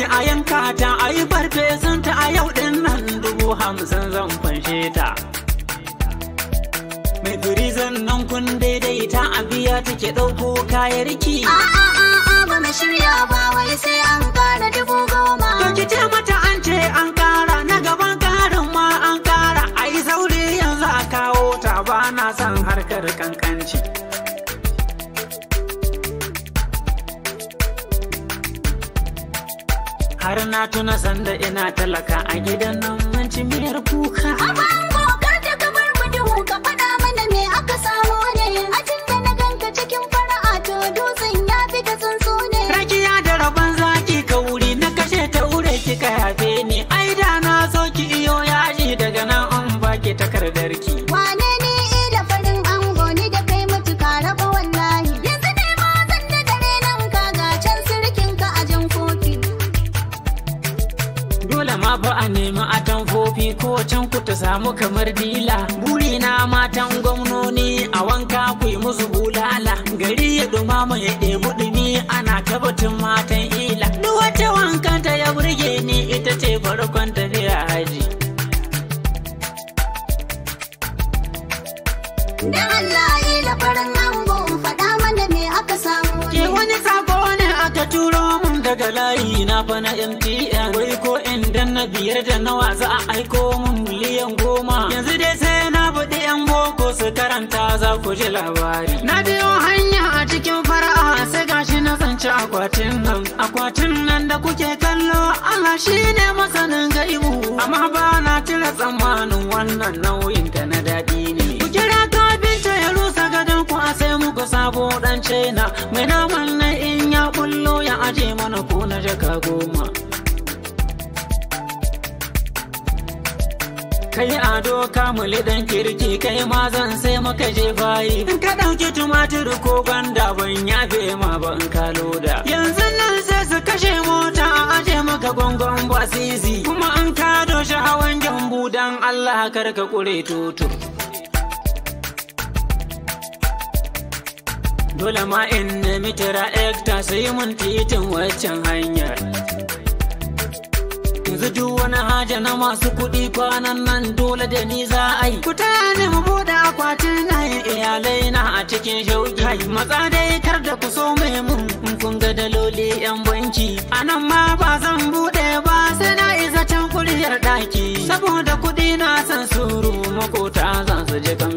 ki a yanka ta a yi farfesan ta a yau ɗin nan dubu hamsin zan fanshe ta. Mai zan nan kun daidaita a biya take ɗauko kayan riki. A a a a ba mu shirya ba wai sai an dubu goma. To ki ce mata an ce an ƙara na gaban ƙarin ma an ƙara a yi sauri yanzu a kawo ta ba na son harkar kankanci. har na tuna sanda ina talaka a gidan nan dole ma ba a nemi a tamfofi ko can ku ta samu kamar dila buri na matan gwamnoni a wanka ku yi musu bulala gari ya dumama ya ɗebi ɗumi ana kabatin matan ila duk wata wankanta ya burge ni ita ce farkon a haji Allah ila farin daga layi na fa na MTN wai ko in dan na biyar da nawa za a aiko mun miliyan goma yanzu dai sai na bude yan boko su karanta za ku ji labari na biyo hanya a cikin fara'a sai gashi na zanci akwatin nan akwatin nan da kuke kallo Allah shine masanin gaibu amma ba na cire tsammanin wannan nauyin ta na daɗi ne ku kira binta ya rusa gadon ku a sai muku sabo dan china mai naman je mana ko na jaka goma kai ado kamuli dan kirki kai ma zan sai maka je bayi in ka dauki tumatir ko gwanda ban yafe ma ba in ka loda yanzu nan sai su kashe mota a aje maka gongon basizi kuma an kado shi hawan jambu dan Allah kar ka kure tutur dole ma in nemi tira ekta sai mun titin waccan hanyar yanzu duk wani haja na masu kuɗi kwanan nan dole da ni za a yi ku ne mu buɗe akwatin na iyalai na a cikin shauki kai matsa dai kar da ku mai mun kun ga daloli yan banki a ma ba zan buɗe ba sai na isa can kuliyar ɗaki saboda kuɗi na san suru makota zan su je kan